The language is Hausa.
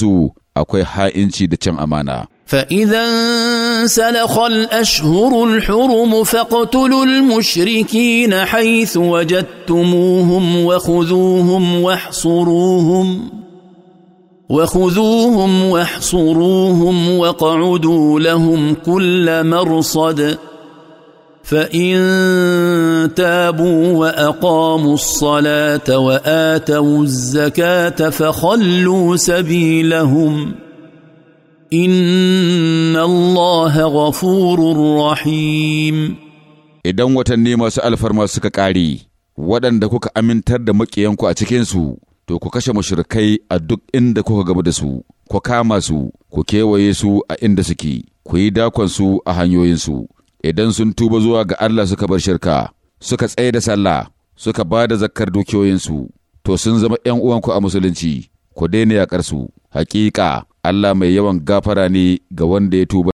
su akwai ha'inci da cin amana. فإذا انسلخ الأشهر الحرم فاقتلوا المشركين حيث وجدتموهم وخذوهم واحصروهم وخذوهم واحصروهم واقعدوا لهم كل مرصد فإن تابوا واقاموا الصلاه واتوا الزكاه فخلوا سبيلهم ان الله غفور رحيم idan watanni masu alfarma suka ƙare waɗanda kuka amintar da maƙiyanku a cikinsu to ku kashe mashirkai a duk inda kuka gaba da su ku kama su ku kewaye su a inda suke ku yi dakonsu a hanyoyinsu idan sun tuba zuwa ga Allah suka bar shirka suka tsaye da sallah suka ba da zakkar dukiyoyinsu to sun zama ‘yan uwanku a musulunci ku daina yaƙarsu Haƙiƙa Allah mai yawan gafara ne ga wanda ya tuba